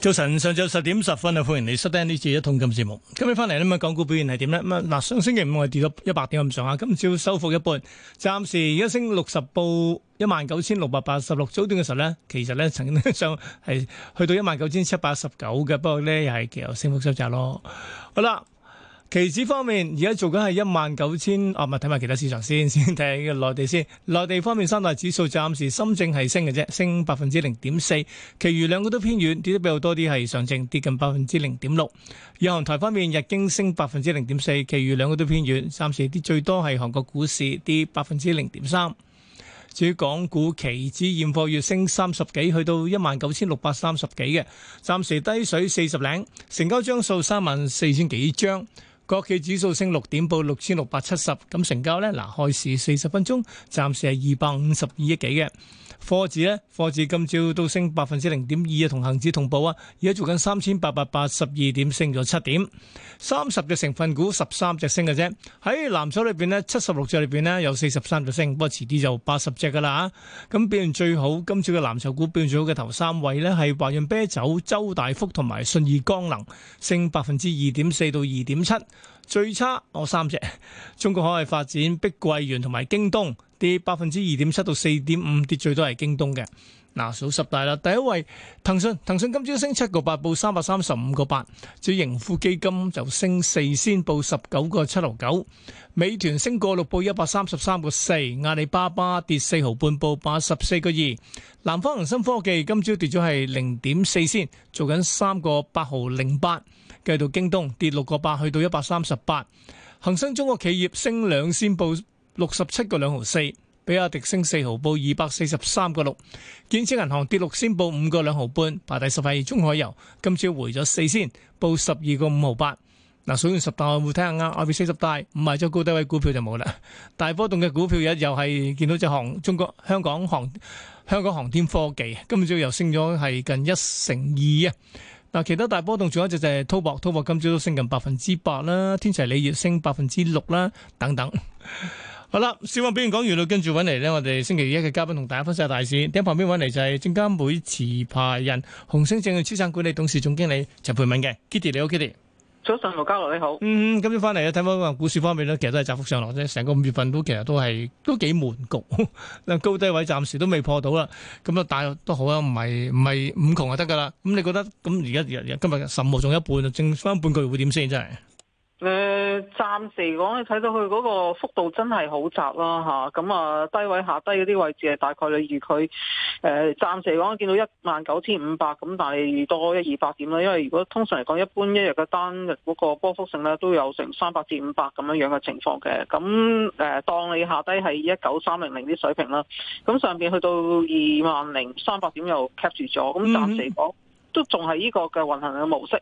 早晨，上晝十點十分啊，歡迎你收聽呢次一通金節目。今日翻嚟咧，咁啊，港股表現係點呢？咁啊，嗱，上星期五我係跌咗一百點咁上下，今朝收復一半，暫時而家升六十報一萬九千六百八十六。早段嘅時候咧，其實呢曾經上係去到一萬九千七百十九嘅，不過呢又係幾有升幅收窄咯。好啦。期指方面，而家做緊係一萬九千，啊，咪睇埋其他市場先，先睇下內地先。內地方面三大指數暫時，深證係升嘅啫，升百分之零點四，其餘兩個都偏軟，跌得比較多啲，係上證跌近百分之零點六。日韓台方面，日經升百分之零點四，其餘兩個都偏軟，暫時跌最多係韓國股市跌百分之零點三。至於港股期指現貨月升三十幾，去到一萬九千六百三十幾嘅，暫時低水四十零，成交張數三萬四千幾張。國企指數升六點，報六千六百七十。咁成交呢，嗱開市四十分鐘，暫時係二百五十二億幾嘅。科指咧，科指今朝都升百分之零點二啊，同恒指同步啊。而家做緊三千八百八十二點，升咗七點。三十隻成分股，十三隻升嘅啫。喺藍籌裏邊咧，七十六隻裏邊咧，有四十三隻升，不過遲啲就八十隻噶啦。咁表現最好，今朝嘅藍籌股表現最好嘅頭三位呢，係華潤啤酒、周大福同埋信義光能，升百分之二點四到二點七。最差我三隻，中國海外發展、碧桂園同埋京東跌百分之二點七到四點五，跌最多係京東嘅。嗱，數十大啦，第一位騰訊，騰訊今朝升七個八，報三百三十五個八；至盈富基金就升四先，報十九個七毫九。美團升個六，報一百三十三個四。阿里巴巴跌四毫半，報八十四個二。南方恒生科技今朝跌咗係零點四先，做緊三個八毫零八。繼到京東跌六個八，去到一百三十八。恒生中國企業升兩先，報六十七個兩毫四。比亞迪升四毫，報二百四十三個六；建設銀行跌六仙，報五個兩毫半。排第十位，中海油今朝回咗四仙，報十二個五毫八。嗱，數完十大，我會睇下啱，I P 四十大，唔係咗高低位股票就冇啦。大波動嘅股票，日又係見到隻航中國香港航香港航天科技，今朝又升咗係近一成二啊！嗱，其他大波動仲有一隻就係滔博，滔博今朝都升近百分之八啦，天齊鋰業升百分之六啦，等等。好啦，小溫邊度講完啦，跟住揾嚟呢，我哋星期一嘅嘉賓同大家分析下大市。啱啱旁邊揾嚟就係證監會持牌人、紅星證券資產管理董事總經理陳蓓敏嘅。Kitty 你好，Kitty 早晨，好，嘉樂你好。你好，嗯，今朝翻嚟睇翻個股市方面呢，其實都係窄幅上落啫。成個五月份都其實都係都幾悶局，但 高低位暫時都未破到啦。咁啊，大都好啊，唔係唔係五窮就得噶啦。咁你覺得咁而家日日今日十五仲有一半，剩翻半個月會點先？真係。誒、呃、暫時嚟講，你睇到佢嗰個幅度真係好窄啦嚇，咁啊，啊低位下低嗰啲位置係大概你預佢誒、呃、暫時嚟講見到一萬九千五百，咁但係預多一二百點啦，因為如果通常嚟講，一般一日嘅單日嗰個波幅性咧都有成三百至五百咁樣樣嘅情況嘅，咁、啊、誒、啊、當你下低係一九三零零啲水平啦，咁上邊去到二萬零三百點又 cap 住咗，咁暫時講。嗯都仲係呢個嘅運行嘅模式，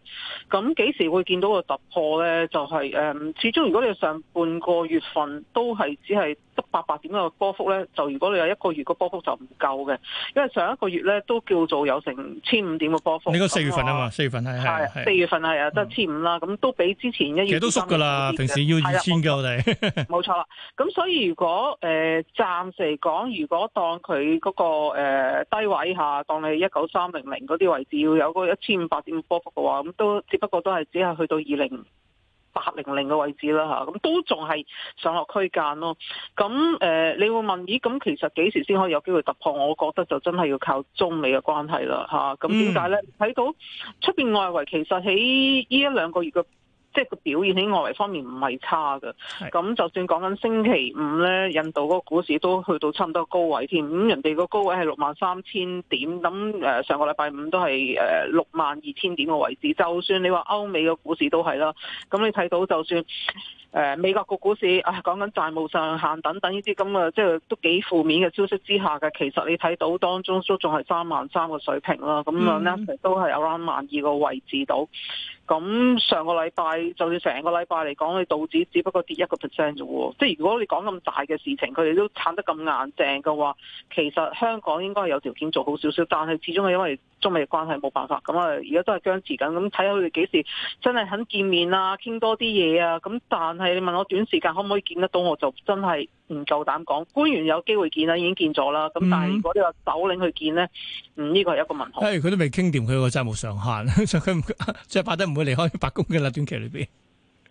咁、嗯、幾時會見到個突破咧？就係、是、誒、嗯，始終如果你上半個月份都係只係。八百點嘅波幅咧，就如果你有一個月嘅波幅就唔夠嘅，因為上一個月咧都叫做有成千五點嘅波幅。你講四月份啊嘛，四、嗯、月份係係四月份係啊，都係千五啦，咁、嗯、都比之前一月其實都縮㗎啦，平時要二千嘅你冇錯啦，咁、 嗯、所以如果誒、呃、暫時嚟講，如果當佢嗰、那個呃、個低位下，當你一九三零零嗰啲位置要有一個一千五百點嘅波幅嘅話，咁都只不過都係只係去到二零。八零零嘅位置啦吓，咁都仲係上落區間咯。咁誒、嗯，你會問咦？咁其實幾時先可以有機會突破？我覺得就真係要靠中美嘅關係啦吓，咁點解咧？睇到出邊外圍，其實喺依一兩個月嘅。即係個表現喺外圍方面唔係差嘅，咁是就算講緊星期五咧，印度嗰個股市都去到差唔多高位添。咁人哋個高位係六萬三千點，咁誒上個禮拜五都係誒六萬二千點嘅位置。就算你話歐美嘅股市都係啦，咁你睇到就算誒美國個股市，講、啊、緊債務上限等等呢啲咁嘅，即係都幾負面嘅消息之下嘅，其實你睇到當中都仲係三萬三嘅水平啦。咁樣呢，納斯達都係有 r 萬二個位置到，咁上個禮拜。就算成個禮拜嚟講，你道指只不過跌一個 percent 啫喎，即係、就是、如果你講咁大嘅事情，佢哋都撐得咁硬淨嘅話，其實香港應該係有條件做好少少，但係始終係因為，中美嘅關係冇辦法，咁啊而家都係僵持緊，咁睇下佢哋幾時真係肯見面啊，傾多啲嘢啊，咁但係你問我短時間可唔可以見得到，我就真係唔夠膽講。官員有機會見啦，已經見咗啦，咁但係如果你話首領去見咧，嗯呢個係一個問題。佢、哎、都未傾掂，佢個債務上限，所以佢最怕得唔會離開白宮嘅啦，短期裏邊。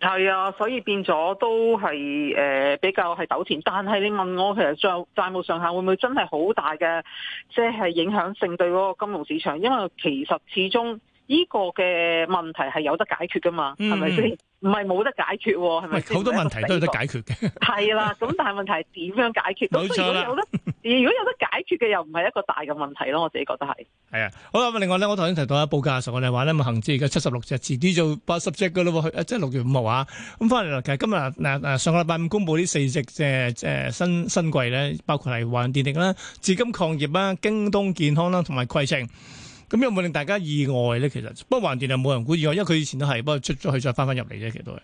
係啊，所以變咗都係誒、呃、比較係糾纏。但係你問我其實債債務上限會唔會真係好大嘅，即係影響性對嗰個金融市場？因為其實始終呢個嘅問題係有得解決噶嘛，係咪先？嗯唔係冇得解決喎，係咪？好多問題都得解決嘅。 係啦，咁但係問題係點樣解決？咁所以有得，如果有得解決嘅，又唔係一個大嘅問題咯。我自己覺得係。係啊， 好啦，咁另外咧，我頭先提到啊，報價嘅時候我哋話咧，恆指而家七十六隻，遲啲就八十隻㗎啦喎，即係六月五號啊。咁翻嚟啦，其實今日嗱上個禮拜五公佈呢四隻即係即新新貴咧，包括係華潤電力啦、紫金礦業啦、京東健康啦同埋攜程。咁有冇令大家意外咧？其實，不過橫掂，係冇人估意外，因為佢以前都係，不過出咗去再翻翻入嚟啫，其實都係。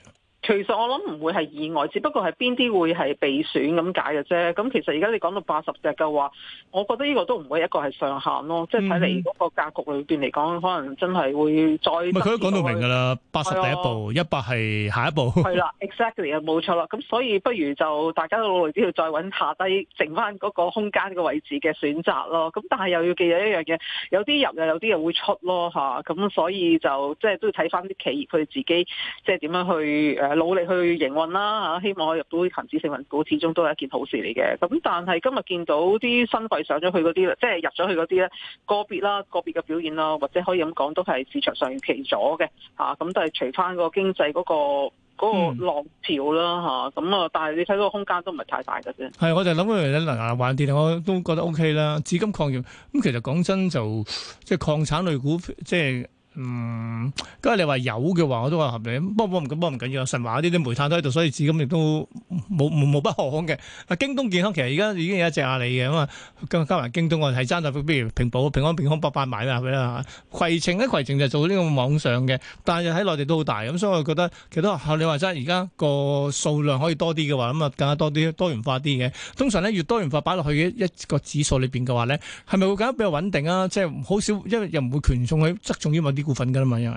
其實我諗唔會係意外，只不過係邊啲會係被選咁解嘅啫。咁其實而家你講到八十隻嘅話，我覺得呢個都唔會一個係上限咯。嗯、即係睇嚟嗰個格局裏邊嚟講，可能真係會再。佢都佢講到明㗎啦，八十係第一步，一百係下一步。係啦 ，exactly 冇錯啦。咁所以不如就大家都努力啲要再揾下低，剩翻嗰個空間嘅位置嘅選擇咯。咁但係又要記有一樣嘢，有啲入嘅有啲又會出咯吓，咁所以就即係都要睇翻啲企業佢自己即係點樣去誒。呃努力去營運啦嚇，希望我入到恆指成分股，始終都係一件好事嚟嘅。咁但係今日見到啲新貴上咗去嗰啲，即係入咗去嗰啲咧，個別啦，個別嘅表現啦，或者可以咁講，都係市場上奇咗嘅嚇。咁但係除翻個經濟嗰個嗰個浪潮啦嚇。咁啊，但係、那個那個啊、你睇嗰個空間都唔係太大嘅啫。係，我就諗起樣咧，嗱，橫掂我都覺得 O K 啦。紫金礦業咁，其實講真就即係礦產類股即係。嗯，咁啊你話有嘅話，我都話合理。不過唔緊，不過唔緊要。神華呢啲煤炭都喺度，所以至今亦都冇冇冇不可嘅。啊，京東健康其實而家已經有一隻阿里嘅，咁啊，加加埋京東我係爭在，譬如平保、平安平買買、平、嗯、康、百百買啦，係咪啊？攜程咧，攜程就做呢個網上嘅，但係喺內地都好大咁，所以我覺得其實都學你話齋，而家個數量可以多啲嘅話，咁啊更加多啲多元化啲嘅。通常咧，越多元化擺落去嘅一個指數裏邊嘅話咧，係咪會更加比較穩定啊？即係好少，因為又唔會權重去側重於某啲。股份㗎啦嘛，因為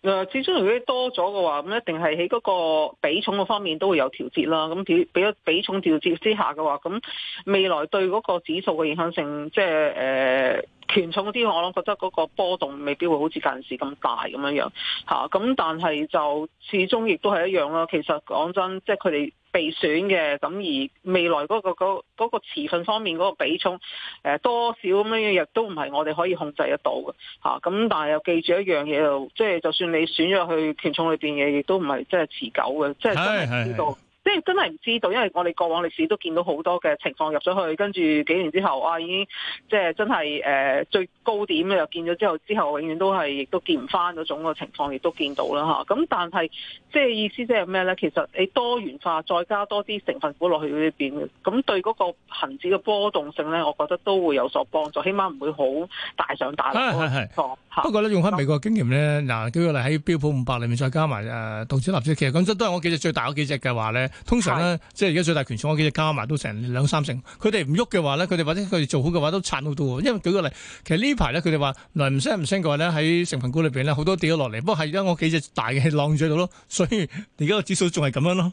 誒，始終如果多咗嘅話，咁一定係喺個比重方面都會有調節啦。咁調，俾咗比重調節之下嘅話，咁未來對個指數嘅影響性，即係誒。呃權重啲我諗覺得嗰個波動未必會好似近時咁大咁樣樣嚇，咁、啊、但係就始終亦都係一樣啦。其實講真，即係佢哋被選嘅，咁而未來嗰、嗰個嗰、嗰個嗰個、持份方面嗰個比重，誒、呃、多少咁樣亦都唔係我哋可以控制得到嘅嚇。咁、啊、但係又記住一樣嘢，就即係就算你選咗去權重裏面嘅，亦都唔係即係持久嘅，即係真係知道。 即係真係唔知道，因為我哋過往歷史都見到好多嘅情況入咗去，跟住幾年之後啊，已經即係真係誒、呃、最高點又見咗之後，之後永遠都係亦都見唔翻嗰種嘅情況，亦都見,都見到啦嚇。咁、啊、但係即係意思即係咩咧？其實你多元化再加多啲成分股落去呢邊，咁、啊嗯、對嗰個恆指嘅波動性咧，我覺得都會有所幫助，起碼唔會好大上大落。不過咧，用翻美國經驗咧，嗱舉個例喺標普五百裡面再加埋誒道瓊斯，其實咁都係我記住最大嗰幾隻嘅話咧。通常咧，是即係而家最大權重嗰幾隻加埋都成兩三成。佢哋唔喐嘅話咧，佢哋或者佢哋做好嘅話都差好多。因為舉個例，其實呢排咧佢哋話嚟唔升唔升嘅話咧，喺成份股裏邊咧好多跌咗落嚟。不過係而家我幾隻大嘅浪咗度咯，所以而家個指數仲係咁樣咯。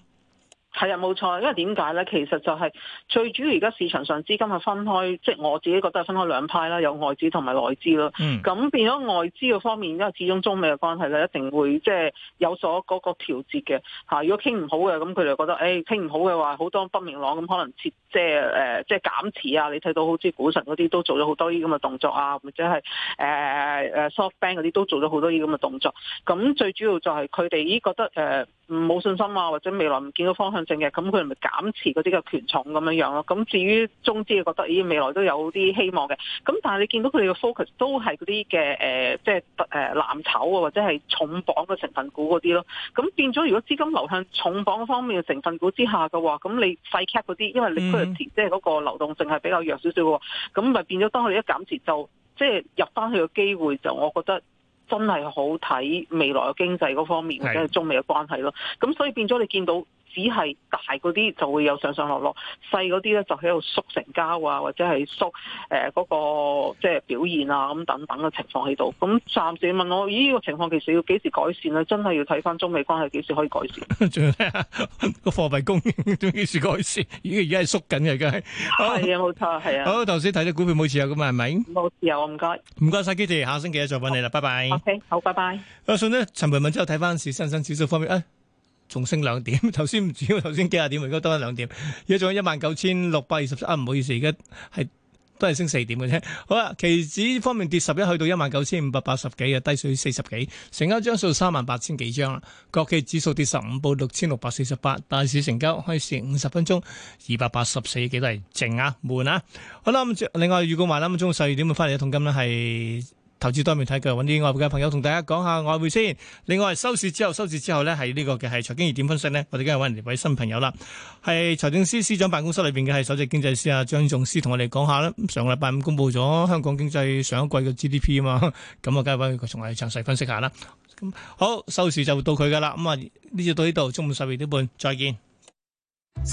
係啊，冇錯，因為點解咧？其實就係最主要而家市場上資金係分開，即係我自己覺得係分開兩派啦，有外資同埋內資咯。咁、嗯、變咗外資嘅方面，因為始終中美嘅關係咧，一定會即係有所嗰個調節嘅嚇。如果傾唔好嘅，咁佢哋覺得誒傾唔好嘅話，好多不明朗，咁可能切、呃、即係誒即係減持啊。你睇到好似股神嗰啲都做咗好多啲咁嘅動作啊，或者係誒誒 SoftBank 嗰啲都做咗好多啲咁嘅動作。咁最主要就係佢哋依覺得誒。呃唔冇信心啊，或者未來唔見到方向性嘅，咁佢咪減持嗰啲嘅權重咁樣樣咯。咁至於中資嘅覺得，咦，未來都有啲希望嘅。咁但係你見到佢哋嘅 focus 都係嗰啲嘅誒，即係誒藍籌啊，或者係重磅嘅成分股嗰啲咯。咁變咗，如果資金流向重磅方面嘅成分股之下嘅話，咁你細 cap 嗰啲，因為你即係嗰個流動性係比較弱少少嘅，咁咪變咗當佢哋一減持就即係、就係、入翻去嘅機會就我覺得。真係好睇未來嘅經濟嗰方面，是或者係中美嘅關係咯。咁所以變咗你見到。只係大嗰啲就會有上上落落，細嗰啲咧就喺度縮成交啊，或者係縮誒嗰個即係表現啊，咁等等嘅情況喺度。咁暫時問我，咦個情況其實要幾時改善啊？真係要睇翻中美關係幾時可以改善。仲有咧個貨幣供應幾時改善？咦，而家係縮緊嘅，而家係。係啊，冇錯，係啊。好，頭先睇咗股票冇持有㗎嘛？係咪？冇有啊，唔該。唔該晒，基地，下星期再揾你啦，拜拜。OK，好，拜拜。阿信呢？陳蓓敏，之後睇翻市新新少少方面啊。仲升兩點，頭先唔止，頭先幾廿點，而家多咗兩點，而家仲有一萬九千六百二十，啊唔好意思，而家係都係升四點嘅啫。好啦、啊，期指方面跌十一，去到一萬九千五百八十幾啊，低水四十幾，成交張數三萬八千幾張啦。國企指數跌十五，報六千六百四十八，大市成交開市五十分鐘二百八十四幾都係靜啊，悶啊。好啦、啊，咁另外預告埋啦咁，中午十二點翻嚟嘅一桶金咧係。投資多面睇嘅，搵啲外匯嘅朋友同大家講下外匯先。另外收市之後，收市之後呢係呢個嘅係財經熱點分析呢，我哋今日搵人哋位新朋友啦，係財政司司長辦公室裏邊嘅係首席經濟師啊張仲司同我哋講下啦。上禮拜五公布咗香港經濟上一季嘅 GDP 啊嘛，咁啊，嘉賓佢同我哋詳細分析下啦。咁好，收市就到佢噶啦。咁啊，呢就到呢度中午十二點半再見。